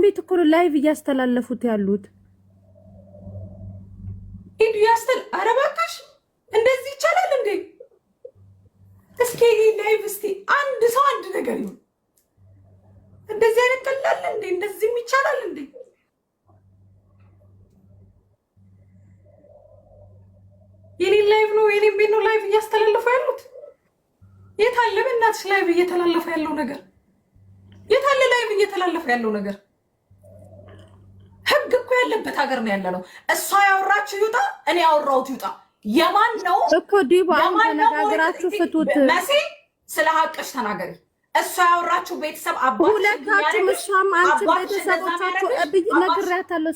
ሐኪም ቤት እኮ ነው ላይቭ እያስተላለፉት ያሉት። ኢንዱ ያስተል ኧረ እባክሽ እንደዚህ ይቻላል እንዴ? እስኪ ላይቭ እስኪ አንድ ሰው አንድ ነገር ይሁን። እንደዚህ አይነት ቀላል እንዴ? እንደዚህም ይቻላል እንዴ? የኔን ላይቭ ነው የኔን ቤት ነው ላይቭ እያስተላለፉ ያሉት። የታለ በእናትሽ ላይቭ እየተላለፈ ያለው ነገር የታለ ላይቭ እየተላለፈ ያለው ነገር እኮ ያለበት ሀገር ነው ያለ ነው። እሷ ያወራችሁ ይውጣ፣ እኔ ያወራሁት ይውጣ። የማን ነው እኮ ዲቦራ፣ ተነጋግራችሁ ፍቱት። መሲ ስለ ሀቅሽ ተናገሪ። እሷ ያወራችሁ ቤተሰብ አባት እሷም አንቺ ቤተሰቦቻችሁ እብይ ነግሬያታለሁ።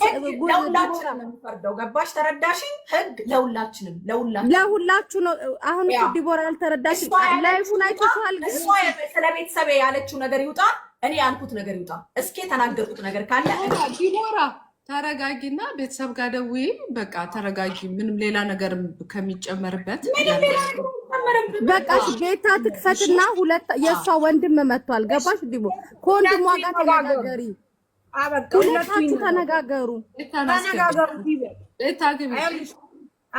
ለሁላችንም የምፈርደው ገባሽ? ተረዳሽ? ህግ ለሁላችንም ለሁላችን ለሁላችሁ ነው። አሁን ዲቦራ አልተረዳሽ። ላይፉን አይቶሻል። እሷ ስለ ቤተሰብ ያለችው ነገር ይውጣ፣ እኔ ያልኩት ነገር ይውጣ። እስኪ የተናገርኩት ነገር ካለ ዲቦራ ተረጋጊና ቤተሰብ ጋር ደውዬ በቃ ተረጋጊ። ምንም ሌላ ነገር ከሚጨመርበት በቃ ቤታ ትክፈትና ሁለት የእሷ ወንድም መቷል። ገባሽ? ዲቦ ከወንድሟ ጋር ተነጋገሪ፣ ሁለታችሁ ተነጋገሩ። ተነጋገሩ ቤታ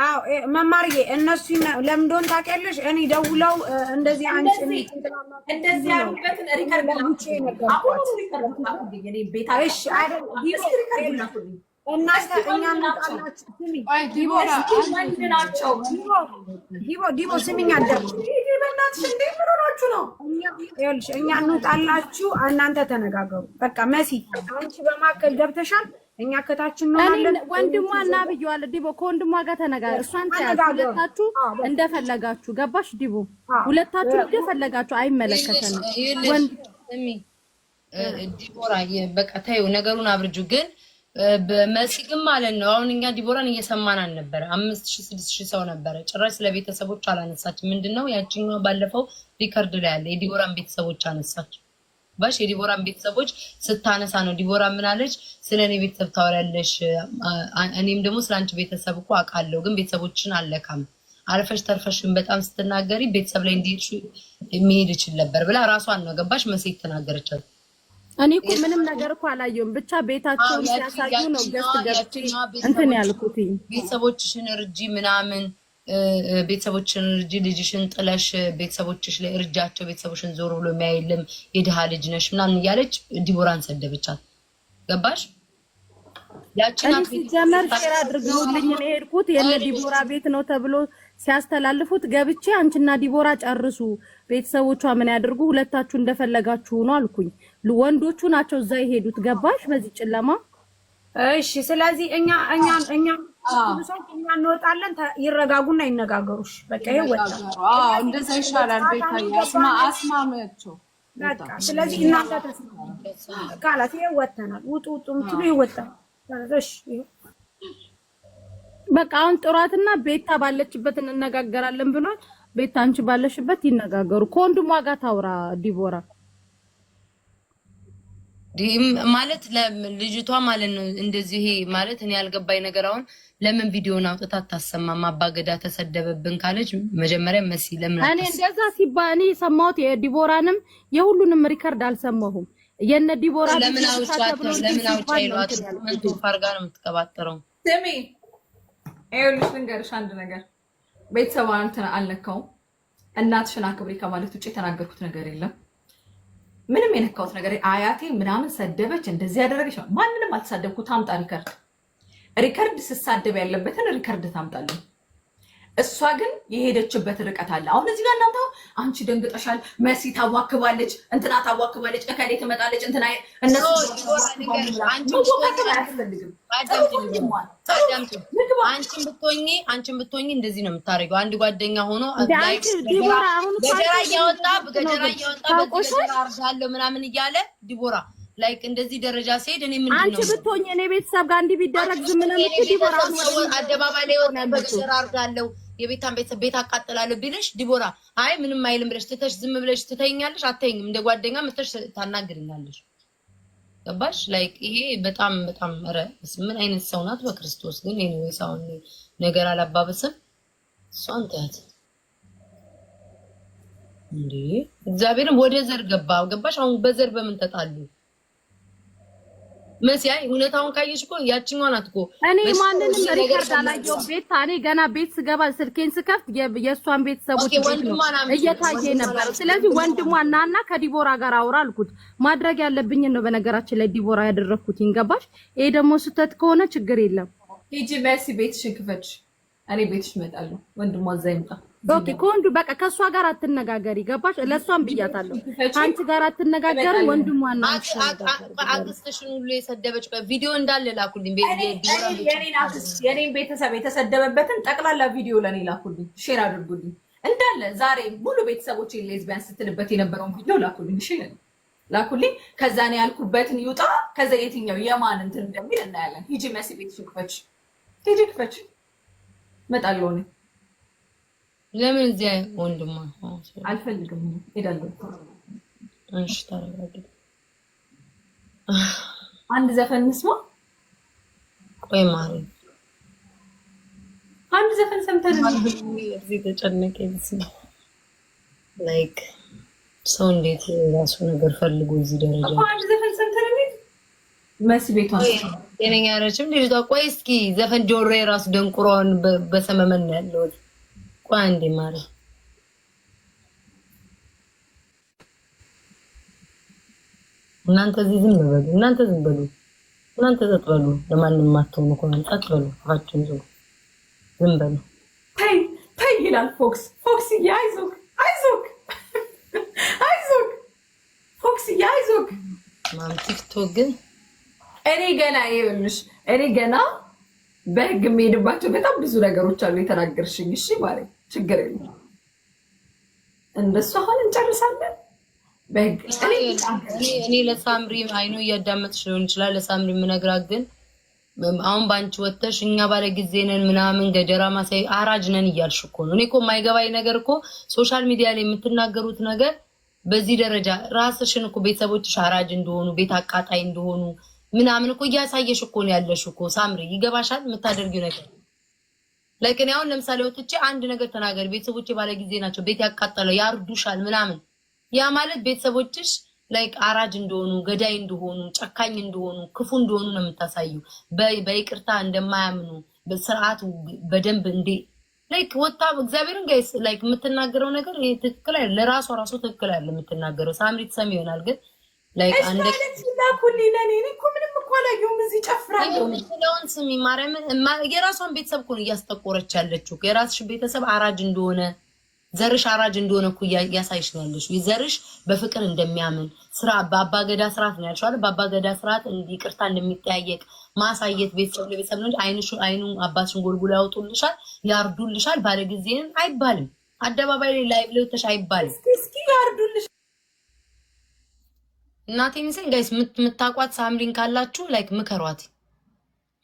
አዎ መማርዬ፣ እነሱ ለምን እንደሆነ ታውቂያለሽ? እኔ ደውለው እንደዚህ አንቺ እንደዚህ ያሉበትን ዲቦ ስሚኝ፣ እኛ እንውጣላችሁ፣ እናንተ ተነጋገሩ። በቃ መሲ አንቺ በማከል ገብተሻል። እኛ ከታችን ነው አለን። ወንድሟ እና ብየዋለሁ። ዲቦ ከወንድሟ ጋር ተነጋገር። እሷን ታያዝ ሁለታችሁ እንደፈለጋችሁ ገባሽ? ዲቦ ሁለታችሁ እንደፈለጋችሁ አይመለከተንም። ወንድሚ ዲቦራ በቃ ተይው፣ ነገሩን አብርጁ። ግን በመሲ ግን ማለት ነው አሁን እኛ ዲቦራን እየሰማን አልነበረ። አምስት ሺህ ስድስት ሺህ ሰው ነበረ። ጭራሽ ስለ ቤተሰቦች አላነሳች። ምንድነው ያቺኛው ባለፈው ሪከርድ ላይ ያለ የዲቦራን ቤተሰቦች አነሳች። ገባሽ? የዲቦራን ቤተሰቦች ስታነሳ ነው ዲቦራ ምናለች? ስለ እኔ ቤተሰብ ታወሪያለሽ፣ እኔም ደግሞ ስለ አንቺ ቤተሰብ እኮ አውቃለሁ፣ ግን ቤተሰቦችን አለካም አልፈሽ ተርፈሽን በጣም ስትናገሪ ቤተሰብ ላይ እንዲ የሚሄድ ይችል ነበር ብላ ራሷን ነው ገባሽ? መሴት ተናገረቻት። እኔ እኮ ምንም ነገር እኮ አላየሁም፣ ብቻ ቤታቸውን ሲያሳዩ ነው ገስት ገብቼ እንትን ያልኩት ቤተሰቦችሽን እርጂ ምናምን ቤተሰቦችን ልጅ ልጅሽን ጥለሽ ቤተሰቦችሽ ላይ እርጃቸው ቤተሰቦችን ዞር ብሎ የሚያይልም የድሃ ልጅ ነሽ ምናምን እያለች ዲቦራን ሰደበቻት። ገባሽ? ያችናት ሲጀመር ሼር አድርገውልኝ ነው የሄድኩት። የለ ዲቦራ ቤት ነው ተብሎ ሲያስተላልፉት ገብቼ አንቺና ዲቦራ ጨርሱ፣ ቤተሰቦቿ ምን ያድርጉ፣ ሁለታችሁ እንደፈለጋችሁ ነው አልኩኝ። ወንዶቹ ናቸው እዛ የሄዱት። ገባሽ? በዚህ ጨለማ እሺ። ስለዚህ እኛ እኛ እኛ ብዙ ሰው እንወጣለን። ይረጋጉና ይነጋገሩሽ። በቃ ይሄ ወጣ እንደዛ ይሻላል። ቤታስማ አስማሚያቸው በቃ ስለዚህ እናንተ ተስማ ካላት ይሄ ወተናል። ውጡ ውጡ ምትሉ ይሄ ወጣ እሺ በቃ አሁን ጥሯትና ቤታ ባለችበት እንነጋገራለን ብሏል። ቤታ አንቺ ባለሽበት ይነጋገሩ። ከወንድሟ ጋር ታውራ ዲቦራ ማለት ልጅቷ ማለት ነው እንደዚህ ማለት እኔ ያልገባኝ ነገር አሁን ለምን ቪዲዮን አውጥታ አታሰማም? አባገዳ ተሰደበብን ካለች መጀመሪያ መሲ ለምን እኔ እንደዛ ሲባ እኔ የሰማሁት የዲቦራንም የሁሉንም ሪከርድ አልሰማሁም። የነ ዲቦራ ለምን አውጫ ለምን አውጫ ይሏት ፋርጋ ነው የምትቀባጠረው። ስሚ ይኸውልሽ ልንገርሽ አንድ ነገር ቤተሰብ አልነካውም። እናትሽን አክብሪ ከማለት ውጭ የተናገርኩት ነገር የለም። ምንም የነካሁት ነገር አያቴ ምናምን ሰደበች፣ እንደዚህ ያደረገች፣ ማንንም አልተሳደብኩ። ታምጣ ሪከርድ ሪከርድ ስሳደብ ያለበትን ሪከርድ ታምጣለን። እሷ ግን የሄደችበት ርቀት አለ። አሁን እዚህ ጋር እናንተ አንቺ ደንግጠሻል፣ መሲ ታዋክባለች፣ እንትና ታዋክባለች፣ እከሌ ትመጣለች፣ እንትና እነሱ አያስፈልግም። አንቺን ብትሆኚ አንቺን ብትሆኚ እንደዚህ ነው የምታደርገው። አንድ ጓደኛ ሆኖ ገጀራ እያወጣ ገጀራ እያወጣ በገጀራ አርሻለሁ ምናምን እያለ ዲቦራ ላይክ እንደዚህ ደረጃ ሲሄድ እኔ ምንድን ነው አንቺ ብትሆኚ እኔ ቤተሰብ ጋር እንዲህ ቢደረግ ዝም ነው የምትይ ዲቦራ አደባባይ ላይ ወጣ በገጀራ አርጋለሁ የቤታን ቤተሰብ ቤት አቃጥላለሁ ቢልሽ ዲቦራ አይ ምንም አይልም ብለሽ ትተሽ ዝም ብለሽ ትተኛለሽ። አተኝም እንደ ጓደኛ መተሽ ታናግርኛለሽ። ገባሽ? ላይክ ይሄ በጣም በጣም ኧረ ምን አይነት ሰው ናት በክርስቶስ ግን። ኤኒዌይስ አሁን ነገር አላባበስም። እሷን ተያት እንዴ! እግዚአብሔርም ወደ ዘር ገባ። ገባሽ? አሁን በዘር በምን ተጣሉ? መሲያይ እውነታውን ካየሽ እኮ ያችኛዋ ናት እኮ። እኔ ማንንም ሪከርድ አላየሁም። ቤት እኔ ገና ቤት ስገባ ስልኬን ስከፍት የእሷን ቤተሰቦች እየታየ ነበር። ስለዚህ ወንድሟ ናና ከዲቦራ ጋር አውራ አልኩት። ማድረግ ያለብኝን ነው በነገራችን ላይ ዲቦራ ያደረግኩት ገባሽ? ይሄ ደግሞ ስህተት ከሆነ ችግር የለም። ሂጂ መሲ ቤትሽን ክፈች። እኔ ቤትሽ እመጣለሁ። ወንድሟ እዛ ይምጣ። ኦኬ ከወንዱ በቃ ከእሷ ጋር አትነጋገሪ። ገባሽ? ለእሷም ብያታለሁ አንቺ ጋር አትነጋገሪ። ወንድሟ ነው አክስትሽን ሁሉ የሰደበች ቪዲዮ እንዳለ ላኩልኝ። የኔን ቤተሰብ የተሰደበበትን ጠቅላላ ቪዲዮ ለእኔ ላኩልኝ፣ ሼር አድርጉልኝ እንዳለ ዛሬ ሙሉ ቤተሰቦች ሌዝቢያን ስትልበት የነበረውን ቪዲዮ ላኩልኝ። እሺ ላኩልኝ። ከዛ ነው ያልኩበትን ይውጣ። ከዛ የትኛው የማን እንትን እንደሚል እናያለን። ሂጂ መሲ ቤት ሽክፈች ሂጂ ክፈች መጣለሆነ ለምን እዚያ ወንድማ አልፈልግም፣ ሄዳለሁ። እሺ ታረጋግ። አንድ ዘፈን እንስማ። ቆይ ማሪ፣ አንድ ዘፈን ሰምተን እዚህ ተጨነቀ ይመስላል። ላይክ ሰው እንዴት የራሱ ነገር ፈልጎ እዚህ ደረጃ አንድ ዘፈን ሰምተን መሲ ቤቷ ጤነኛ ረችም ልጅቷ። ቆይ እስኪ ዘፈን ጆሮ የራሱ ደንቁሯን በሰመመን ያለው ቆይ አንዴ ማሪ እናንተ እዚህ ዝም በሉ። እናንተ ዝም በሉ። እናንተ ጸጥ በሉ። ለማንም ማተው ነው ጸጥ በሉ። አፋችሁን ዝም ዝም በሉ። ተይ ተይ ይላል ፎክስ። ፎክስ አይዞክ አይዞክ፣ አይዞክ አይዞክ። ቲክቶክ ግን እኔ ገና ይኸውልሽ፣ እኔ ገና በህግ የሚሄድባቸው በጣም ብዙ ነገሮች አሉ የተናገርሽኝ። እሺ ማለት ችግር የለም። እንደሱ አሁን እንጨርሳለን። እኔ ለሳምሪ አይኖ እያዳመጥሽ ሊሆን ይችላል። ለሳምሪ የምነግራት ግን አሁን በአንቺ ወተሽ እኛ ባለ ጊዜ ነን ምናምን ገጀራ ማሳይ አራጅ ነን እያልሽ እኮ ነው። እኔ እኮ የማይገባኝ ነገር እኮ ሶሻል ሚዲያ ላይ የምትናገሩት ነገር በዚህ ደረጃ ራስሽን እኮ ቤተሰቦችሽ አራጅ እንደሆኑ ቤት አቃጣይ እንደሆኑ ምናምን እኮ እያሳየሽ እኮ ነው ያለሽ እኮ ሳምሪ። ይገባሻል የምታደርጊው ነገር ላይክ እኔ አሁን ለምሳሌ ወጥቼ አንድ ነገር ተናገር፣ ቤተሰቦች ባለ ጊዜ ናቸው፣ ቤት ያቃጠለው ያርዱሻል ምናምን። ያ ማለት ቤተሰቦችሽ ላይክ አራጅ እንደሆኑ፣ ገዳይ እንደሆኑ፣ ጨካኝ እንደሆኑ፣ ክፉ እንደሆኑ ነው የምታሳዩ። በይቅርታ እንደማያምኑ፣ በስርዓት በደንብ እንዴ ላይክ ወጣ እግዚአብሔርን ጋይስ ላይክ የምትናገረው ነገር ይሄ ትክክል አይደል? ለራሷ ራሱ ትክክል አይደል የምትናገረው። ሳምሪ ትሰሚ ይሆናል ግን ላይክ አንደ ለኔ እኮ ምንም እኮ አላየሁም። እዚህ ጨፍራለሁ። ስሚ ማርያምን። የራሷን ቤተሰብ እኮ ነው እያስጠቆረች ያለችው። የራስሽ ቤተሰብ አራጅ እንደሆነ ዘርሽ አራጅ እንደሆነ እኮ እያሳይሽ ነው ያለሽ። ዘርሽ በፍቅር እንደሚያምን ስራ በአባገዳ ስርዓት ነው ያልሽዋል። በአባገዳ ስርዓት ይቅርታ እንደሚጠያየቅ ማሳየት ቤተሰብ ለቤተሰብ ነው እንጂ አይኑ አባትሽን ጎልጉሎ ያወጡልሻል፣ ያርዱልሻል። ባለጊዜን አይባልም። አደባባይ ላይ ላይብ ለውተሽ አይባልም። እስኪ ያርዱልሽ እናቴ ሚስን ጋይስ የምታቋት ሳምሪን ካላችሁ ላይክ ምከሯት።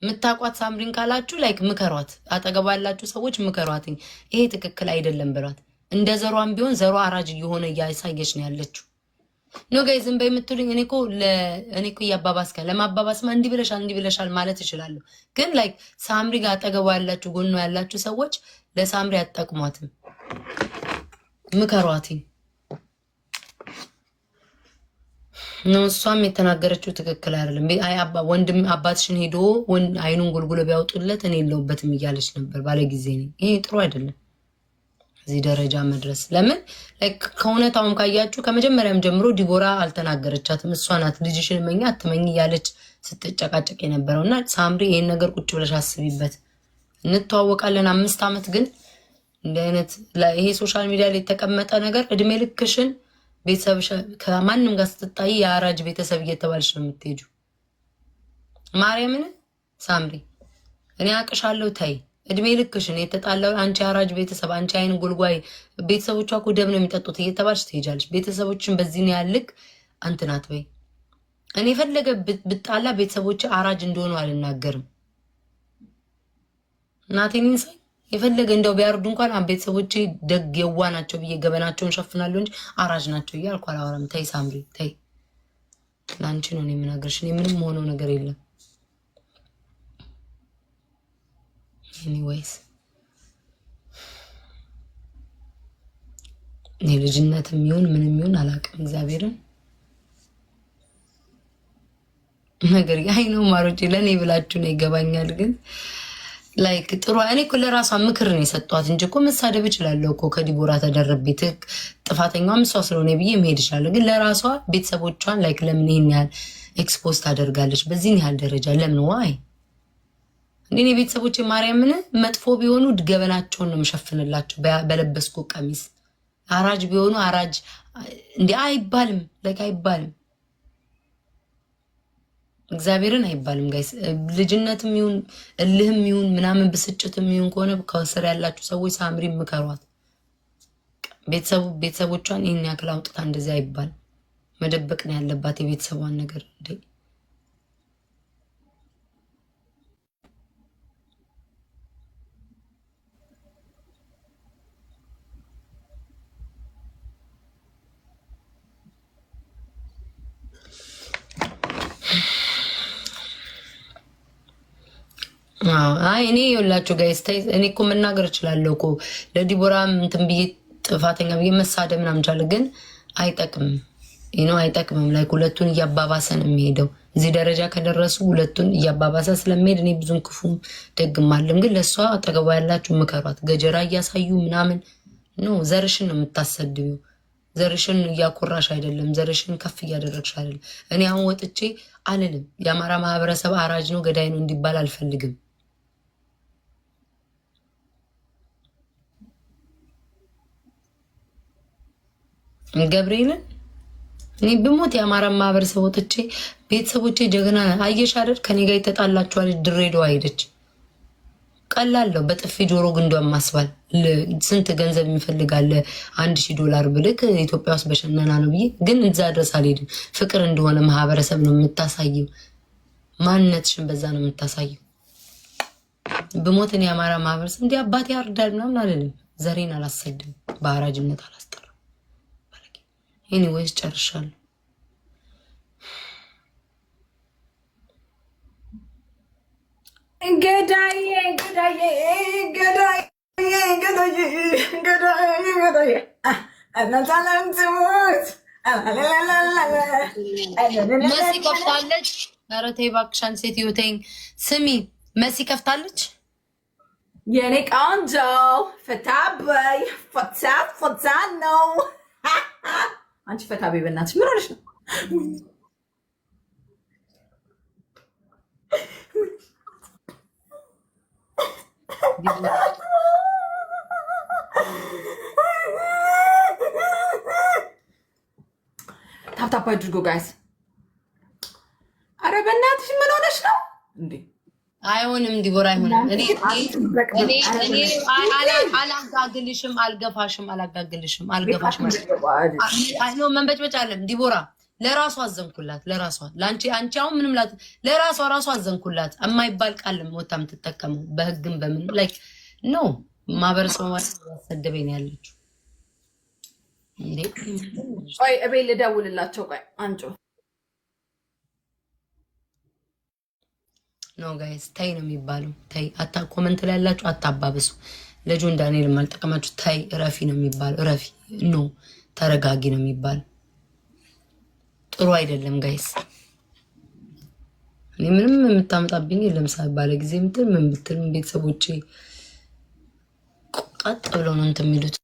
የምታቋት ሳምሪን ካላችሁ ላይክ ምከሯት። አጠገባ ያላችሁ ሰዎች ምከሯት፣ ይሄ ትክክል አይደለም ብሏት። እንደ ዘሯን ቢሆን ዘሯ አራጅ እየሆነ እያሳየች ነው ያለችው። ኖ ጋይ ዝም በይ የምትሉኝ እኔ እኮ እኔ እኮ እያባባስከ ለማባባስ እንዲህ ብለሻል እንዲህ ብለሻል ማለት ይችላሉ። ግን ላይክ ሳምሪ ጋር አጠገቧ ያላችሁ ጎኖ ያላችሁ ሰዎች ለሳምሪ አትጠቅሟትም፣ ምከሯትኝ ነው እሷም የተናገረችው ትክክል አይደለም። ወንድም አባትሽን ሄዶ አይኑን ጎልጉሎ ቢያወጡለት እኔ የለውበትም እያለች ነበር። ባለጊዜ ነኝ። ይህ ጥሩ አይደለም፣ እዚህ ደረጃ መድረስ። ለምን ከእውነታውም ካያችሁ ከመጀመሪያም ጀምሮ ዲቦራ አልተናገረቻትም። እሷ ናት ልጅሽን መኛ አትመኝ እያለች ስትጨቃጨቅ የነበረው እና ሳምሪ፣ ይህን ነገር ቁጭ ብለሽ አስቢበት። እንተዋወቃለን አምስት ዓመት ግን እንደ አይነት ይሄ ሶሻል ሚዲያ ላይ የተቀመጠ ነገር እድሜ ልክሽን ቤተሰብ ከማንም ጋር ስትጣይ የአራጅ ቤተሰብ እየተባልሽ ነው የምትሄጁ። ማርያምን ሳምሪ እኔ አቅሻለሁ። ታይ እድሜ ልክሽን የተጣላው አንቺ አራጅ ቤተሰብ፣ አንቺ አይን ጉልጓይ ቤተሰቦቿ እኮ ደም ነው የሚጠጡት እየተባልሽ ትሄጃለሽ። ቤተሰቦችን በዚህ ነው ያልክ አንትናት በይ። እኔ የፈለገ ብጣላ ቤተሰቦች አራጅ እንደሆኑ አልናገርም። እናቴን የፈለገ እንደው ቢያርዱ እንኳን ቤተሰቦች ደግ የዋ ናቸው ብዬ ገበናቸውን ሸፍናለሁ እንጂ አራጅ ናቸው ብዬ እያልኩ አላወራም። ተይ ሳምሪ ተይ፣ ለአንቺ ነው የምናገርሽ። እኔ ምንም ሆነው ነገር የለም። ኤኒዌይስ እኔ ልጅነት የሚሆን ምን የሚሆን አላውቅም። እግዚአብሔርን ነገር አይ ነው ማሮቼ፣ ለእኔ ብላችሁ ነው ይገባኛል ግን ላይክ ጥሩ እኔ እኮ ለራሷ ምክር ነው የሰጧት እንጂ እኮ መሳደብ እችላለሁ እኮ ከዲቦራ ተደረቤ ትክ ጥፋተኛዋም ስለሆነ ብዬ መሄድ እችላለሁ። ግን ለራሷ ቤተሰቦቿን ላይክ ለምን ይህን ያህል ኤክስፖዝ ታደርጋለች? በዚህን ያህል ደረጃ ለምን ዋይ? እኔ ቤተሰቦች ማርያምን መጥፎ ቢሆኑ ገበናቸውን ነው የምሸፍንላቸው በለበስኩ ቀሚስ። አራጅ ቢሆኑ አራጅ እንዲ አይባልም፣ ላይክ አይባልም። እግዚአብሔርን አይባልም ጋይስ። ልጅነትም ይሁን እልህም ይሁን ምናምን ብስጭትም ይሁን ከሆነ ከስር ያላችሁ ሰዎች ሳምሪ ምከሯት። ቤተሰቦቿን ይህን ያክል አውጥታ እንደዚህ አይባል። መደበቅ ነው ያለባት የቤተሰቧን ነገር። አይ እኔ የላቸው ጋይስ እኔ እኮ መናገር እችላለሁ እኮ ለዲቦራ እንትን ብዬ ጥፋተኛ ብዬ መሳደብ ምናምን ቻለ፣ ግን አይጠቅምም ነው አይጠቅምም። ላይ ሁለቱን እያባባሰ ነው የሚሄደው። እዚህ ደረጃ ከደረሱ ሁለቱን እያባባሰ ስለሚሄድ እኔ ብዙም ክፉም ደግም አለም፣ ግን ለእሷ አጠገቧ ያላችሁ ምከሯት። ገጀራ እያሳዩ ምናምን ኖ ዘርሽን ነው የምታሰድቢው። ዘርሽን እያኮራሽ አይደለም፣ ዘርሽን ከፍ እያደረግሽ አይደለም። እኔ አሁን ወጥቼ አልልም የአማራ ማህበረሰብ አራጅ ነው ገዳይ ነው እንዲባል አልፈልግም። ገብርኤልን እኔ ብሞት የአማራን ማህበረሰብ ወጥቼ ቤተሰቦቼ ጀግና አየሽ አይደል ከኔ ጋር የተጣላችኋል ድሬዳዋ ሄደች። ቀላል ነው። በጥፊ ጆሮ ግንዷን ማስባል ስንት ገንዘብ የሚፈልጋለ አንድ ሺህ ዶላር ብልክ ኢትዮጵያ ውስጥ በሸነና ነው ብዬ ግን እዛ ድረስ አልሄድም። ፍቅር እንደሆነ ማህበረሰብ ነው የምታሳየው። ማንነትሽን በዛ ነው የምታሳየው። ብሞትን የአማራ ማህበረሰብ እንዲህ አባቴ ያርዳል ምናምን አልልም። ዘሬን አላሰድም። በአራጅነት አላስጠራም። ኤኒዌይስ ጨርሻለሁ። መሲ ከፍታለች። ኧረ ተይ እባክሽን ሴትዮ ተይኝ። ስሚ መሲ ከፍታለች። የኔ ቆንጆ ፍታ በይ። ፍታ ፍታ ነው አንቺ ፈታ ቤ በእናትሽ ምን ሆነሽ ነው? ታፕታፕ አድርጎ ጋይስ። አረ በእናትሽ ምን ሆነሽ ነው እንዴ? አይሆንም ዲቦራ አይሆንም። አላጋግልሽም፣ አልገፋሽም፣ አላጋግልሽም፣ አልገፋሽም። መንበጭበጭ አለም ዲቦራ ለራሱ አዘንኩላት፣ ለራሷ ለአንቺ አንቺ አሁን ምንም ላት ለራሷ ራሱ አዘንኩላት። የማይባል ቃልም ወታ የምትጠቀመው በህግም በምን ላይ ኖ ማህበረሰብ ሰደበኝ ነው ያለችው። ቆይ እቤት ልደውልላቸው። ቆይ አንጮ ነው ጋይስ፣ ታይ ነው የሚባለው። ታይ አታ ኮመንት ላይ ያላችሁ አታባብሱ። ለጆን ዳንኤል አልጠቀማችሁ። ታይ ረፊ ነው የሚባለው። ረፊ ኖ ተረጋጊ ነው የሚባለው። ጥሩ አይደለም ጋይስ። እኔ ምንም የምታመጣብኝ ለምሳ ባለ ጊዜ ምትል ምን ብትል ቤተሰቦቼ ቀጥ ብለው ነው እንትን የሚሉት።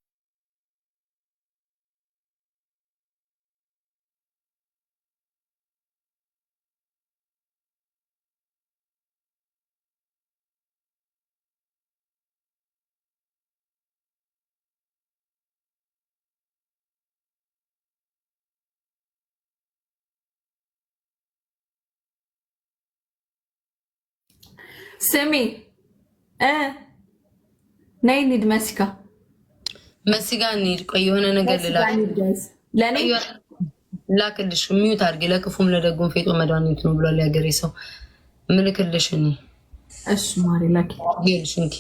ስሚ ነይ እንሂድ መሲካ መሲጋ እንሂድ። ቆይ የሆነ ነገር ላክልሽ። ሚዩት አድርጌ ለክፉም ለደጉም ፌጦ መድኃኒቱ ነው ብሏል ያገሬ ሰው። ምልክልሽ እኔ እሱ ማሪ ላኪ ልሽ እንኪ